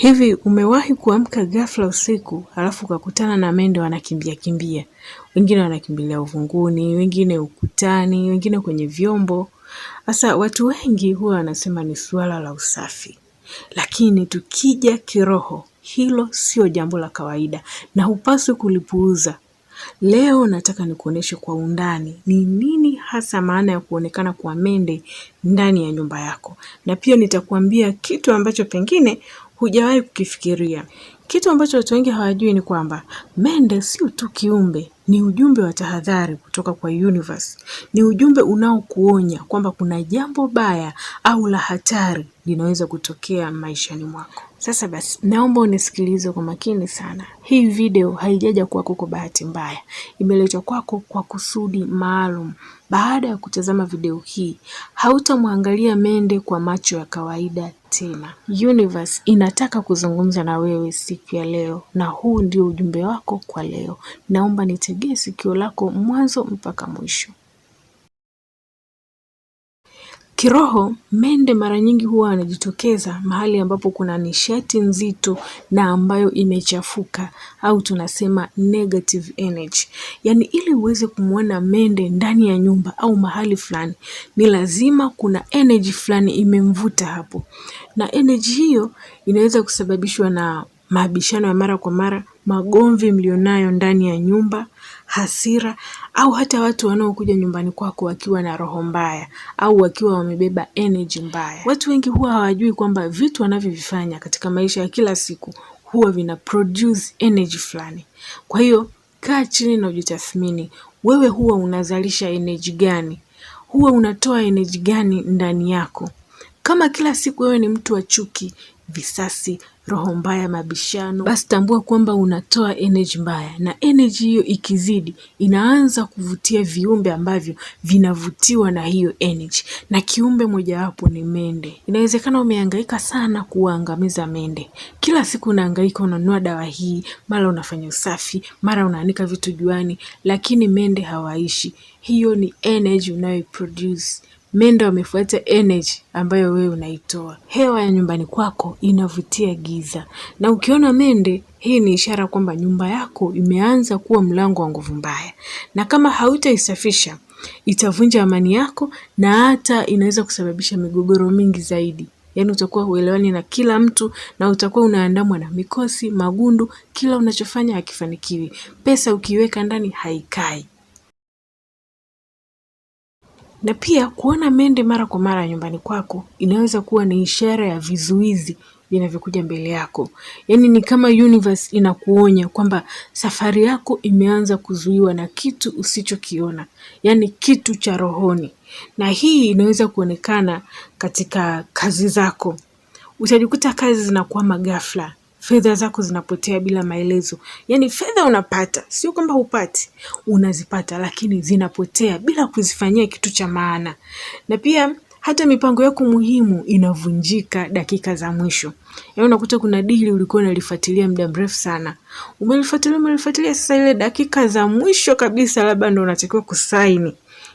Hivi umewahi kuamka ghafla usiku alafu ukakutana na mende wanakimbia kimbia, wengine wanakimbilia uvunguni, wengine ukutani, wengine kwenye vyombo. Sasa watu wengi huwa wanasema ni suala la usafi, lakini tukija kiroho, hilo sio jambo la kawaida na hupaswi kulipuuza. Leo nataka nikuoneshe kwa undani ni nini hasa maana ya kuonekana kwa mende ndani ya nyumba yako, na pia nitakuambia kitu ambacho pengine hujawahi kukifikiria. Kitu ambacho watu wengi hawajui ni kwamba mende sio tu kiumbe, ni ujumbe wa tahadhari kutoka kwa universe. Ni ujumbe unaokuonya kwamba kuna jambo baya au la hatari linaweza kutokea maishani mwako. Sasa basi, naomba unisikilize kwa makini sana. Hii video haijaja kwako kwa bahati mbaya, imeletwa kwako kwa kusudi maalum. Baada ya kutazama video hii, hautamwangalia mende kwa macho ya kawaida tena. Universe inataka kuzungumza na wewe siku ya leo, na huu ndio ujumbe wako kwa leo. Naomba nitegee sikio lako mwanzo mpaka mwisho. Kiroho mende mara nyingi huwa anajitokeza mahali ambapo kuna nishati nzito na ambayo imechafuka au tunasema negative energy. Yaani ili uweze kumwona mende ndani ya nyumba au mahali fulani ni lazima kuna energy fulani imemvuta hapo. Na energy hiyo inaweza kusababishwa na mabishano ya mara kwa mara, magomvi mlionayo ndani ya nyumba hasira au hata watu wanaokuja nyumbani kwako wakiwa na roho mbaya au wakiwa wamebeba energy mbaya. Watu wengi huwa hawajui kwamba vitu wanavyovifanya katika maisha ya kila siku huwa vina produce energy fulani. Kwa hiyo kaa chini na ujitathmini, wewe huwa unazalisha energy gani? Huwa unatoa energy gani ndani yako? Kama kila siku wewe ni mtu wa chuki, visasi, roho mbaya, mabishano, basi tambua kwamba unatoa energy mbaya, na energy hiyo ikizidi inaanza kuvutia viumbe ambavyo vinavutiwa na hiyo energy, na kiumbe mojawapo ni mende. Inawezekana umehangaika sana kuwaangamiza mende, kila siku unahangaika, unanunua dawa hii, mara unafanya usafi, mara unaanika vitu juani, lakini mende hawaishi. Hiyo ni energy unayoproduce. Mendo amefuata energy ambayo wewe unaitoa. Hewa ya nyumbani kwako inavutia giza, na ukiona mende, hii ni ishara kwamba nyumba yako imeanza kuwa mlango wa nguvu mbaya, na kama hautaisafisha itavunja amani yako, na hata inaweza kusababisha migogoro mingi zaidi. Yaani utakuwa huelewani na kila mtu na utakuwa unaandamwa na mikosi, magundu, kila unachofanya hakifanikiwi. Pesa ukiweka ndani haikai. Na pia kuona mende mara kwa mara nyumbani kwako inaweza kuwa ni ishara ya vizuizi vinavyokuja mbele yako, yaani ni kama universe inakuonya kwamba safari yako imeanza kuzuiwa na kitu usichokiona, yaani kitu cha rohoni. Na hii inaweza kuonekana katika kazi zako, utajikuta kazi zinakuwa ghafla, fedha zako zinapotea bila maelezo. Yaani fedha unapata, sio kwamba hupati, unazipata lakini zinapotea bila kuzifanyia kitu cha maana, na pia hata mipango yako muhimu inavunjika dakika za mwisho. Yaani unakuta kuna dili ulikuwa unalifuatilia muda mrefu sana, umelifuatilia umelifuatilia, sasa ile dakika za mwisho kabisa, labda ndo unatakiwa kusaini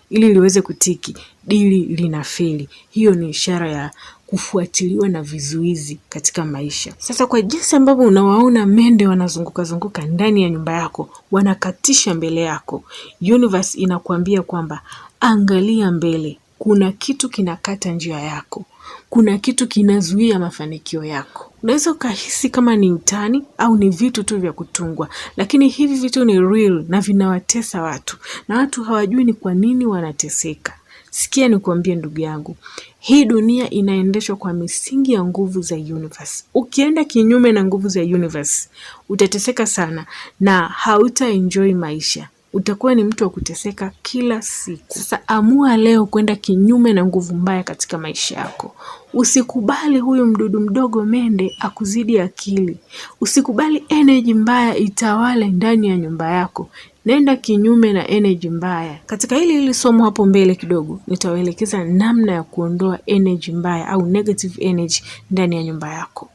ili liweze kutiki, dili linafeli. Hiyo ni ishara ya kufuatiliwa na vizuizi katika maisha. Sasa kwa jinsi ambavyo unawaona mende wanazunguka zunguka ndani ya nyumba yako, wanakatisha mbele yako, universe inakuambia kwamba angalia mbele, kuna kitu kinakata njia yako, kuna kitu kinazuia mafanikio yako. Unaweza ukahisi kama ni utani au ni vitu tu vya kutungwa, lakini hivi vitu ni real na vinawatesa watu, na watu hawajui ni kwa nini wanateseka. Sikia nikuambie ndugu yangu, hii dunia inaendeshwa kwa misingi ya nguvu za universe. Ukienda kinyume na nguvu za universe, utateseka sana na hauta enjoy maisha utakuwa ni mtu wa kuteseka kila siku. Sasa amua leo kwenda kinyume na nguvu mbaya katika maisha yako. Usikubali huyu mdudu mdogo mende akuzidi akili. Usikubali energy mbaya itawale ndani ya nyumba yako naenda kinyume na energy mbaya. Katika hili hili somo hapo mbele kidogo, nitawaelekeza namna ya kuondoa energy mbaya au negative energy ndani ya nyumba yako.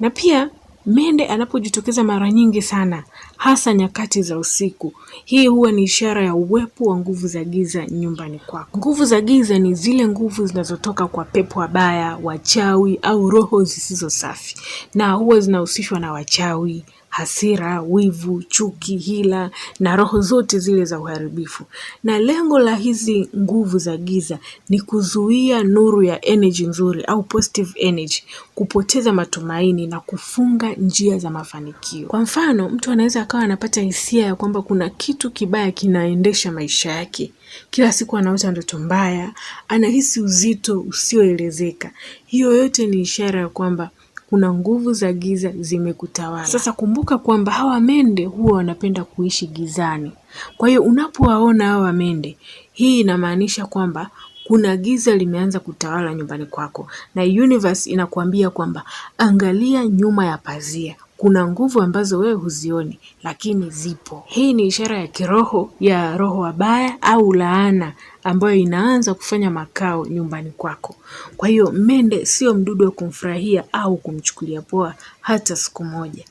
Na pia mende anapojitokeza mara nyingi sana, hasa nyakati za usiku, hii huwa ni ishara ya uwepo wa nguvu za giza nyumbani kwako. Nguvu za giza ni zile nguvu zinazotoka kwa pepo wabaya, wachawi au roho zisizo safi, na huwa zinahusishwa na wachawi, hasira, wivu, chuki, hila na roho zote zile za uharibifu. Na lengo la hizi nguvu za giza ni kuzuia nuru ya energy nzuri au positive energy kupoteza matumaini na kufunga njia za mafanikio. Kwa mfano, mtu anaweza akawa anapata hisia ya kwamba kuna kitu kibaya kinaendesha maisha yake. Kila siku anaota ndoto mbaya, anahisi uzito usioelezeka. Hiyo yote ni ishara ya kwamba kuna nguvu za giza zimekutawala. Sasa kumbuka kwamba hawa mende huwa wanapenda kuishi gizani, kwa hiyo unapowaona hawa mende, hii inamaanisha kwamba kuna giza limeanza kutawala nyumbani kwako, na universe inakuambia kwamba angalia nyuma ya pazia, kuna nguvu ambazo wewe huzioni lakini zipo. Hii ni ishara ya kiroho ya roho wabaya au laana ambayo inaanza kufanya makao nyumbani kwako. Kwa hiyo mende sio mdudu wa kumfurahia au kumchukulia poa hata siku moja.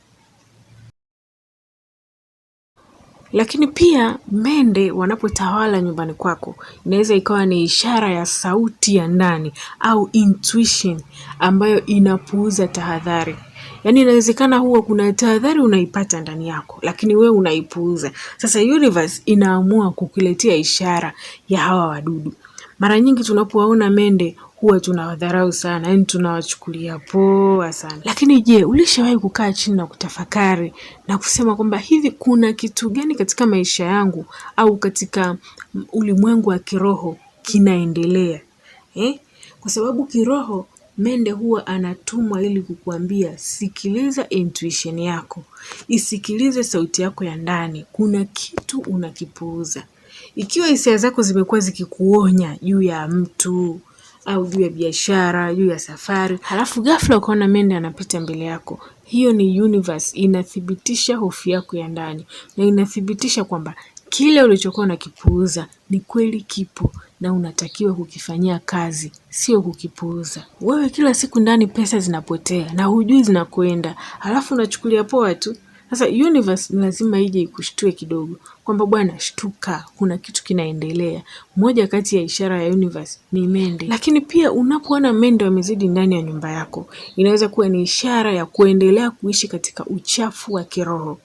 Lakini pia mende wanapotawala nyumbani kwako, inaweza ikawa ni ishara ya sauti ya ndani au intuition ambayo inapuuza tahadhari. Yaani inawezekana huwa kuna tahadhari unaipata ndani yako, lakini wewe unaipuuza. Sasa universe inaamua kukuletea ishara ya hawa wadudu. Mara nyingi tunapowaona mende huwa tunawadharau sana, yani tunawachukulia poa sana. Lakini je, ulishawahi kukaa chini na kutafakari na kusema kwamba hivi kuna kitu gani katika maisha yangu au katika ulimwengu wa kiroho kinaendelea eh? Kwa sababu kiroho mende huwa anatumwa ili kukuambia sikiliza intuition yako, isikilize sauti yako ya ndani, kuna kitu unakipuuza. Ikiwa hisia zako zimekuwa zikikuonya juu ya mtu au juu ya biashara, juu ya safari, halafu ghafla ukaona mende anapita mbele yako, hiyo ni universe inathibitisha hofu yako ya ndani na inathibitisha kwamba kile ulichokuwa unakipuuza ni kweli kipo na unatakiwa kukifanyia kazi, sio kukipuuza. Wewe kila siku ndani pesa zinapotea na hujui zinakwenda, halafu unachukulia poa tu. Sasa universe lazima ije ikushtue kidogo, kwamba bwana, shtuka, kuna kitu kinaendelea. Moja kati ya ishara ya universe ni mende. Lakini pia unapoona mende wamezidi ndani ya nyumba yako, inaweza kuwa ni ishara ya kuendelea kuishi katika uchafu wa kiroho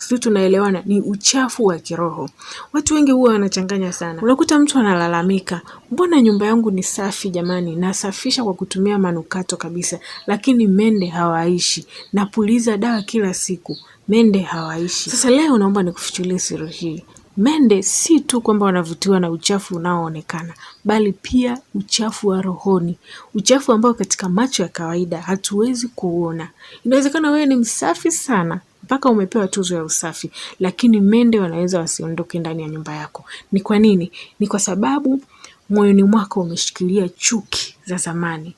sisi tunaelewana, ni uchafu wa kiroho. Watu wengi huwa wanachanganya sana. Unakuta mtu analalamika, mbona nyumba yangu ni safi jamani, nasafisha kwa kutumia manukato kabisa, lakini mende hawaishi, napuliza dawa kila siku, mende hawaishi. Sasa leo naomba nikufichulie siri hii. Mende si tu kwamba wanavutiwa na uchafu unaoonekana, bali pia uchafu wa rohoni, uchafu ambao katika macho ya kawaida hatuwezi kuona. Inawezekana wewe ni msafi sana, mpaka umepewa tuzo ya usafi, lakini mende wanaweza wasiondoke ndani ya nyumba yako. Ni kwa nini? Ni kwa sababu moyoni mwako umeshikilia chuki za zamani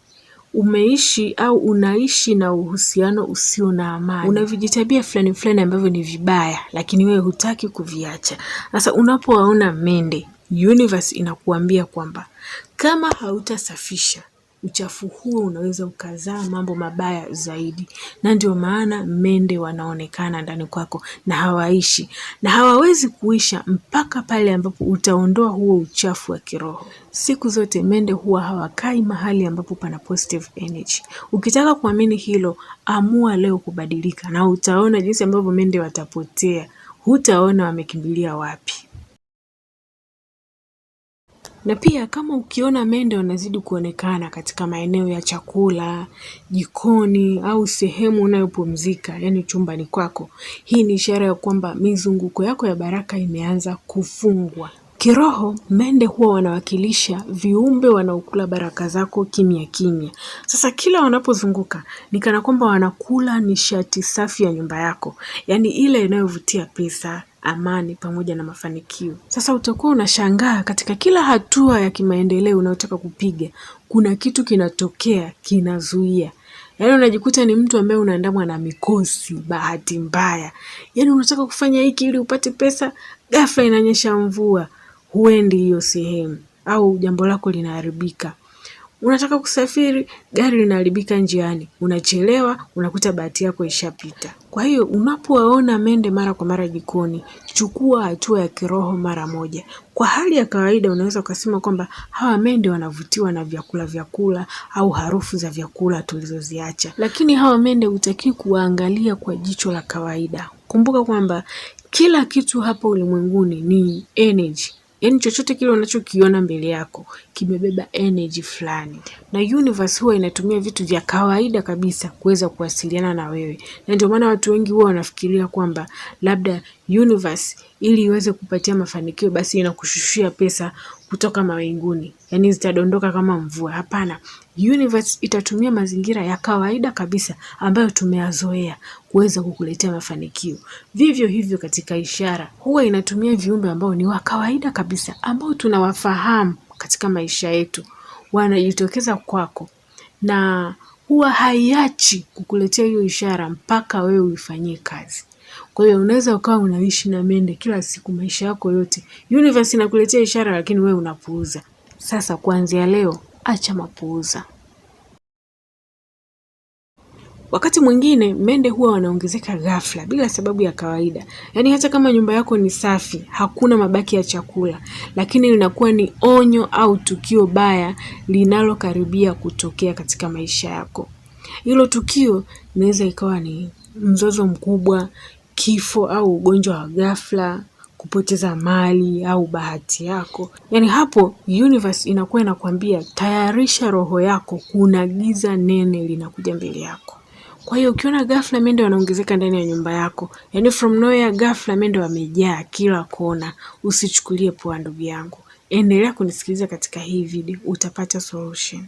umeishi au unaishi na uhusiano usio na amani. Una vijitabia fulani fulani ambavyo ni vibaya, lakini wewe hutaki kuviacha. Sasa unapowaona mende, universe inakuambia kwamba kama hautasafisha uchafu huo unaweza ukazaa mambo mabaya zaidi, na ndio maana mende wanaonekana ndani kwako na hawaishi na hawawezi kuisha mpaka pale ambapo utaondoa huo uchafu wa kiroho. Siku zote mende huwa hawakai mahali ambapo pana positive energy. Ukitaka kuamini hilo, amua leo kubadilika, na utaona jinsi ambavyo mende watapotea, hutaona wamekimbilia wapi na pia kama ukiona mende wanazidi kuonekana katika maeneo ya chakula, jikoni au sehemu unayopumzika, yani chumbani kwako, hii ni ishara ya kwamba mizunguko yako ya baraka imeanza kufungwa. Kiroho, mende huwa wanawakilisha viumbe wanaokula baraka zako kimya kimya. Sasa kila wanapozunguka ni kana kwamba wanakula nishati safi ya nyumba yako, yaani ile inayovutia pesa, amani pamoja na mafanikio. Sasa utakuwa unashangaa katika kila hatua ya kimaendeleo unayotaka kupiga, kuna kitu kinatokea kinazuia. Yaani unajikuta ni mtu ambaye unaandamwa na mikosi, bahati mbaya. Yaani unataka kufanya hiki ili upate pesa, ghafla inanyesha mvua, huendi hiyo sehemu, au jambo lako linaharibika. Unataka kusafiri, gari linaharibika njiani, unachelewa, unakuta bahati yako ishapita. Kwa hiyo unapoona mende mara kwa mara jikoni, chukua hatua ya kiroho mara moja. Kwa hali ya kawaida unaweza ukasema kwamba hawa mende wanavutiwa na vyakula vyakula au harufu za vyakula tulizoziacha, lakini hawa mende hutakiwi kuwaangalia kwa jicho la kawaida. Kumbuka kwamba kila kitu hapa ulimwenguni ni energy yani chochote kile unachokiona mbele yako kimebeba energy fulani, na universe huwa inatumia vitu vya kawaida kabisa kuweza kuwasiliana na wewe, na ndio maana watu wengi huwa wanafikiria kwamba labda universe ili iweze kupatia mafanikio basi inakushushia pesa kutoka mawinguni, yani zitadondoka kama mvua. Hapana, universe itatumia mazingira ya kawaida kabisa ambayo tumeyazoea kuweza kukuletea mafanikio. Vivyo hivyo katika ishara, huwa inatumia viumbe ambao ni wa kawaida kabisa, ambao tunawafahamu katika maisha yetu, wanajitokeza kwako na huwa haiachi kukuletea hiyo ishara mpaka wewe uifanyie kazi. Kwa hiyo unaweza ukawa unaishi na mende kila siku maisha yako yote. Universe inakuletea ishara lakini wewe unapuuza. Sasa kuanzia leo acha mapuuza. Wakati mwingine mende huwa wanaongezeka ghafla bila sababu ya kawaida. Yaani hata kama nyumba yako ni safi, hakuna mabaki ya chakula, lakini linakuwa ni onyo au tukio baya linalokaribia kutokea katika maisha yako. Hilo tukio inaweza ikawa ni mzozo mkubwa, kifo au ugonjwa wa ghafla, kupoteza mali au bahati yako. Yaani hapo universe inakuwa inakwambia tayarisha roho yako, kuna giza nene linakuja mbele yako. Kwa hiyo ukiona ghafla mende wanaongezeka ndani ya nyumba yako, yaani from nowhere ghafla mende wamejaa kila kona, usichukulie poa ndugu yangu. Endelea kunisikiliza katika hii video, utapata solution.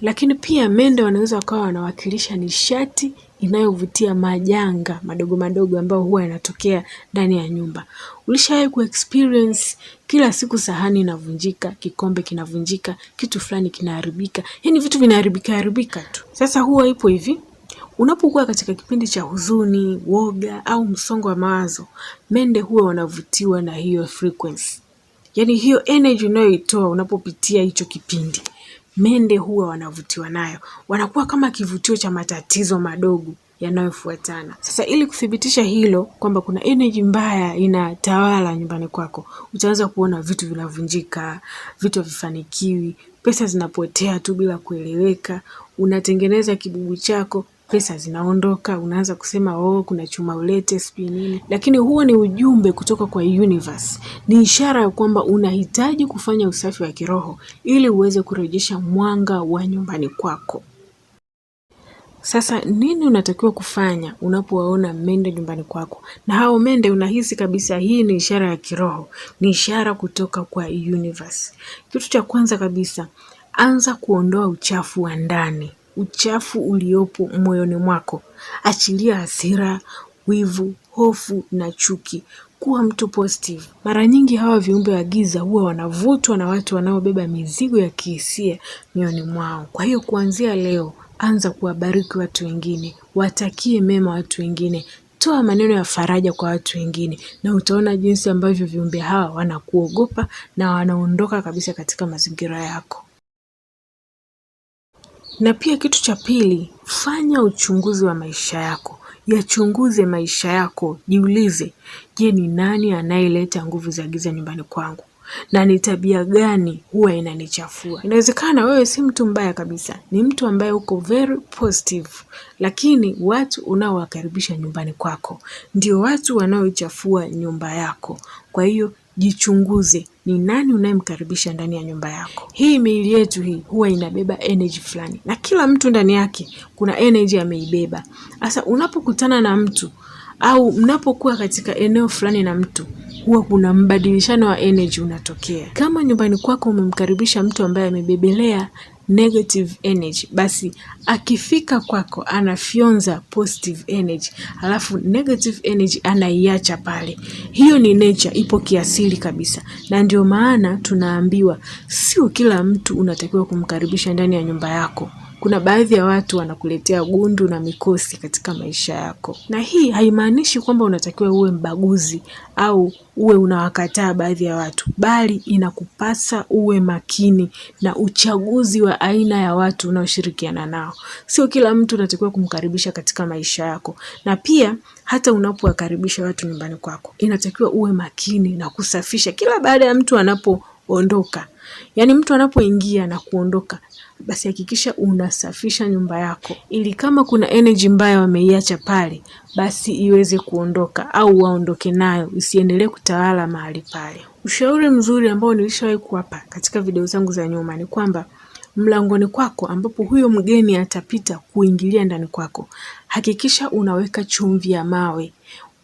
Lakini pia mende wanaweza wakawa wanawakilisha nishati inayovutia majanga madogo madogo ambayo huwa yanatokea ndani ya nyumba. Ulishawahi experience kila siku sahani inavunjika, kikombe kinavunjika, kitu fulani kinaharibika, yaani vitu vinaharibika haribika tu. Sasa huwa ipo hivi, unapokuwa katika kipindi cha huzuni, woga au msongo wa mawazo, mende huwa wanavutiwa na hiyo frequency, yaani hiyo energy unayoitoa unapopitia hicho kipindi mende huwa wanavutiwa nayo, wanakuwa kama kivutio cha matatizo madogo yanayofuatana. Sasa ili kuthibitisha hilo kwamba kuna energy mbaya inatawala nyumbani kwako, utaanza kuona vitu vinavunjika, vitu havifanikiwi, pesa zinapotea tu bila kueleweka, unatengeneza kibubu chako pesa zinaondoka, unaanza kusema oh, kuna chuma ulete sijui nini, lakini huo ni ujumbe kutoka kwa universe. Ni ishara ya kwamba unahitaji kufanya usafi wa kiroho ili uweze kurejesha mwanga wa nyumbani kwako. Sasa nini unatakiwa kufanya unapowaona mende nyumbani kwako na hao mende unahisi kabisa hii ni ishara ya kiroho, ni ishara kutoka kwa universe? Kitu cha kwanza kabisa, anza kuondoa uchafu wa ndani uchafu uliopo moyoni mwako. Achilia hasira, wivu, hofu na chuki. Kuwa mtu positive. Mara nyingi hawa viumbe wa giza huwa wanavutwa na watu wanaobeba mizigo ya kihisia mioyoni mwao. Kwa hiyo kuanzia leo, anza kuwabariki watu wengine, watakie mema watu wengine, toa maneno ya faraja kwa watu wengine, na utaona jinsi ambavyo viumbe hawa wanakuogopa na wanaondoka kabisa katika mazingira yako. Na pia kitu cha pili, fanya uchunguzi wa maisha yako, yachunguze maisha yako, jiulize, je, ni nani anayeleta nguvu za giza nyumbani kwangu na ni tabia gani huwa inanichafua? Inawezekana wewe si mtu mbaya kabisa, ni mtu ambaye uko very positive, lakini watu unaowakaribisha nyumbani kwako ndio watu wanaoichafua nyumba yako. Kwa hiyo jichunguze ni nani unayemkaribisha ndani ya nyumba yako. Hii miili yetu hii huwa inabeba energy fulani, na kila mtu ndani yake kuna energy ameibeba. Sasa unapokutana na mtu au mnapokuwa katika eneo fulani na mtu huwa kuna mbadilishano wa energy unatokea. Kama nyumbani kwako umemkaribisha mtu ambaye amebebelea negative energy, basi akifika kwako anafyonza positive energy, alafu negative energy anaiacha pale. Hiyo ni nature, ipo kiasili kabisa, na ndio maana tunaambiwa sio kila mtu unatakiwa kumkaribisha ndani ya nyumba yako kuna baadhi ya watu wanakuletea gundu na mikosi katika maisha yako, na hii haimaanishi kwamba unatakiwa uwe mbaguzi au uwe unawakataa baadhi ya watu, bali inakupasa uwe makini na uchaguzi wa aina ya watu unaoshirikiana nao. Sio kila mtu unatakiwa kumkaribisha katika maisha yako, na pia hata unapowakaribisha watu nyumbani kwako, inatakiwa uwe makini na kusafisha kila baada ya mtu anapoondoka, yaani mtu anapoingia na kuondoka basi hakikisha unasafisha nyumba yako, ili kama kuna energy mbaya wameiacha pale, basi iweze kuondoka au waondoke nayo, isiendelee kutawala mahali pale. Ushauri mzuri ambao nilishawahi kuwapa katika video zangu za nyuma ni kwamba mlangoni kwako ambapo huyo mgeni atapita kuingilia ndani kwako, hakikisha unaweka chumvi ya mawe.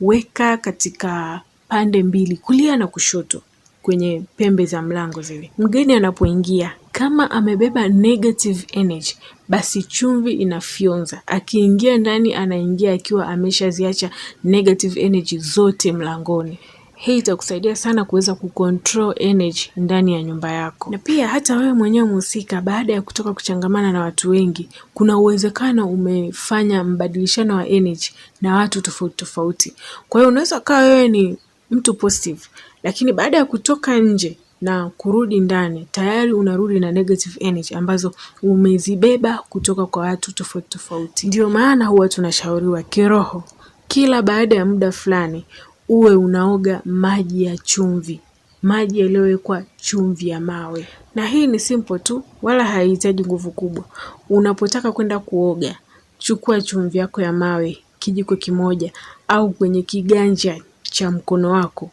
Weka katika pande mbili, kulia na kushoto, kwenye pembe za mlango zile. Mgeni anapoingia kama amebeba negative energy basi chumvi inafyonza, akiingia ndani anaingia akiwa ameshaziacha negative energy zote mlangoni. Hii itakusaidia sana kuweza kucontrol energy ndani ya nyumba yako, na pia hata wewe mwenyewe mhusika, baada ya kutoka kuchangamana na watu wengi, kuna uwezekano umefanya mbadilishano wa energy na watu tofauti tofauti. Kwa hiyo unaweza ukawa wewe ni mtu positive, lakini baada ya kutoka nje na kurudi ndani tayari unarudi na negative energy ambazo umezibeba kutoka kwa watu tofauti tofauti. Ndio maana huwa tunashauriwa kiroho, kila baada ya muda fulani uwe unaoga maji ya chumvi, maji yaliyowekwa chumvi ya mawe. Na hii ni simple tu, wala haihitaji nguvu kubwa. Unapotaka kwenda kuoga, chukua chumvi yako ya mawe kijiko kimoja, au kwenye kiganja cha mkono wako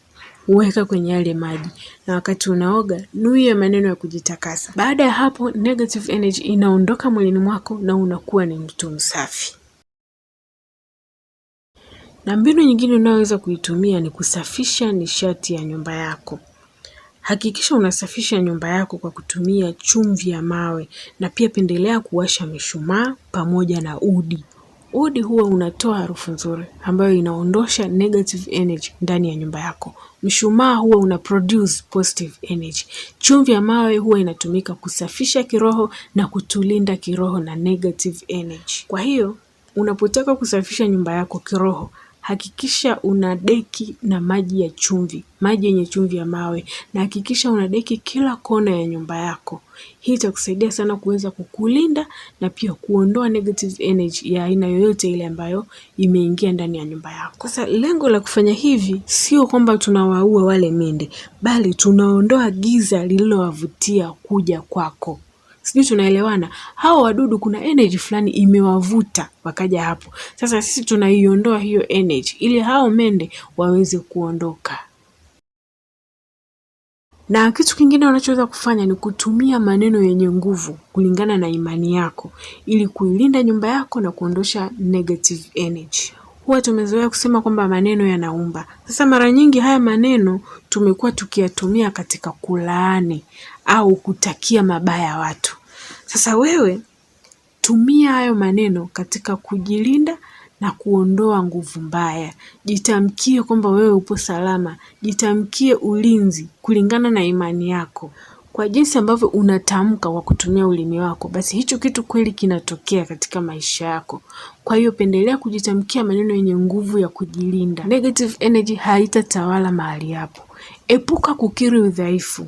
uweka kwenye yale maji, na wakati unaoga nuia maneno ya kujitakasa. Baada ya hapo, negative energy inaondoka mwilini mwako na unakuwa ni mtu msafi. Na mbinu nyingine unayoweza kuitumia ni kusafisha nishati ya nyumba yako. Hakikisha unasafisha nyumba yako kwa kutumia chumvi ya mawe na pia pendelea kuwasha mishumaa pamoja na udi. Udi huwa unatoa harufu nzuri ambayo inaondosha negative energy ndani ya nyumba yako. Mshumaa huwa una produce positive energy. Chumvi ya mawe huwa inatumika kusafisha kiroho na kutulinda kiroho na negative energy. Kwa hiyo unapotaka kusafisha nyumba yako kiroho hakikisha una deki na maji ya chumvi, maji yenye chumvi ya mawe, na hakikisha una deki kila kona ya nyumba yako. Hii itakusaidia sana kuweza kukulinda na pia kuondoa negative energy ya aina yoyote ile ambayo imeingia ndani ya nyumba yako. Sasa lengo la kufanya hivi sio kwamba tunawaua wale mende, bali tunaondoa giza lililowavutia kuja kwako sijui tunaelewana. Hao wadudu kuna energy fulani imewavuta wakaja hapo. Sasa sisi tunaiondoa hiyo energy ili hao mende waweze kuondoka. Na kitu kingine unachoweza kufanya ni kutumia maneno yenye nguvu kulingana na imani yako ili kuilinda nyumba yako na kuondosha negative energy. Huwa tumezoea kusema kwamba maneno yanaumba. Sasa mara nyingi haya maneno tumekuwa tukiyatumia katika kulaani au kutakia mabaya watu. Sasa wewe tumia hayo maneno katika kujilinda na kuondoa nguvu mbaya. Jitamkie kwamba wewe upo salama, jitamkie ulinzi kulingana na imani yako. Kwa jinsi ambavyo unatamka kwa kutumia ulimi wako, basi hicho kitu kweli kinatokea katika maisha yako. Kwa hiyo pendelea kujitamkia maneno yenye nguvu ya kujilinda. Negative energy haitatawala mahali hapo. Epuka kukiri udhaifu.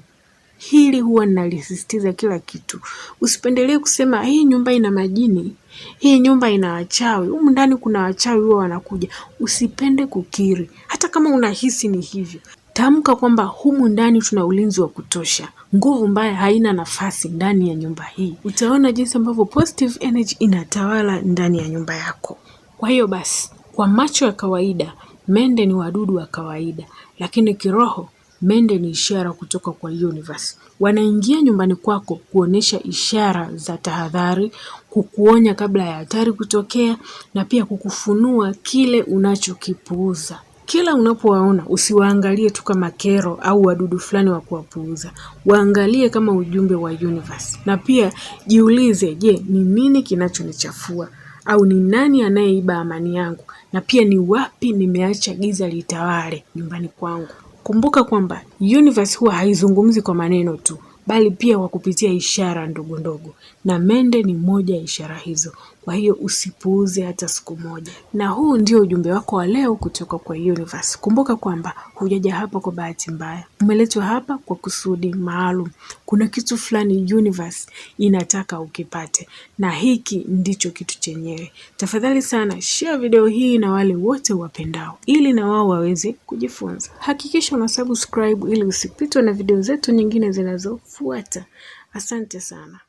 Hili huwa nalisisitiza kila kitu. Usipendelee kusema hii nyumba ina majini, hii nyumba ina wachawi, humu ndani kuna wachawi huwa wanakuja. Usipende kukiri, hata kama unahisi ni hivyo. Tamka kwamba humu ndani tuna ulinzi wa kutosha, nguvu mbaya haina nafasi ndani ya nyumba hii. Utaona jinsi ambavyo positive energy inatawala ndani ya nyumba yako. Kwa hiyo basi, kwa macho ya kawaida mende ni wadudu wa kawaida, lakini kiroho Mende ni ishara kutoka kwa universe. Wanaingia nyumbani kwako kuonesha ishara za tahadhari, kukuonya kabla ya hatari kutokea na pia kukufunua kile unachokipuuza. Kila unapowaona usiwaangalie tu kama kero au wadudu fulani wa kuwapuuza, waangalie kama ujumbe wa universe. Na pia jiulize, je, ni nini kinachonichafua au ni nani anayeiba amani yangu na pia ni wapi nimeacha giza litawale nyumbani kwangu. Kumbuka kwamba universe huwa haizungumzi kwa maneno tu, bali pia kwa kupitia ishara ndogo ndogo, na mende ni moja ya ishara hizo. Kwa hiyo usipuuze hata siku moja, na huu ndio ujumbe wako wa leo kutoka kwa universe. Kumbuka kwamba hujaja hapa kwa bahati mbaya, umeletwa hapa kwa kusudi maalum kuna kitu fulani universe inataka ukipate, na hiki ndicho kitu chenyewe. Tafadhali sana share video hii na wale wote wapendao, ili na wao waweze kujifunza. Hakikisha una subscribe ili usipitwe na video zetu nyingine zinazofuata. Asante sana.